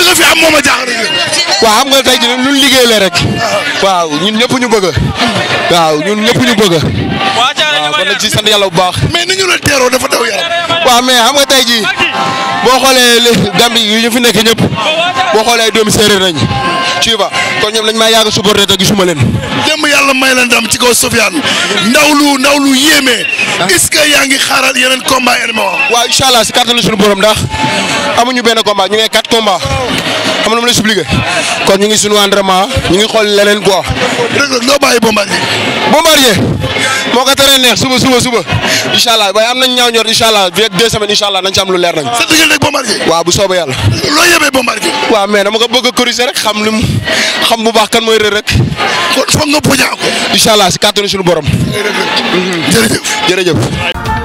bi nga fi am moom a jaaxal waaw xam nga tey jii ñun liggéey la rek. waaw ñun ñëpp ñu bëgg. waaw ñun ñëpp ñu bëgg. waaw kon nag ci sant yàlla bu baax. mais ni ñu la teeroo dafa daw yaram. waaw mais xam nga tey jii. boo xoolee li Gambie yi ñu fi nekk ñëpp boo xoolee ay doomi séeréer nañ tu kon ñoom dañ maa yàgg supporté te gisuma leen. jëm yàlla may leen dam ci kaw Sofiane ndaw lu ndaw lu yéeme. Ah. est-ce que yaa ngi xaaral yeneen combat MMA. waaw incha allah si kàttanu suñu borom ndax amuñu benn combat ñu ngi ay quatre combats xam nga mu la expliqué kon ñu ngi suñu entraînement ñu ngi xool leneen boo rek rek loo bàyyi bombardier. bombardier. moo ko teree neex suba suba suba incha allah waaye am nañ ñaaw ñor incha allah bi ak deux allah nañ ci am lu leer nañ. sa diggante ak Bombardier. waaw bu soobee yàlla. loo yebee Bombardier. waaw mais dama ko bëgg a corriger rek xam lu mu xam bu baax kan mooy Reug Reug. kon foog nga poñaa ko. incha allah si kàttanu suñu borom. jërëjëf jërëjëf.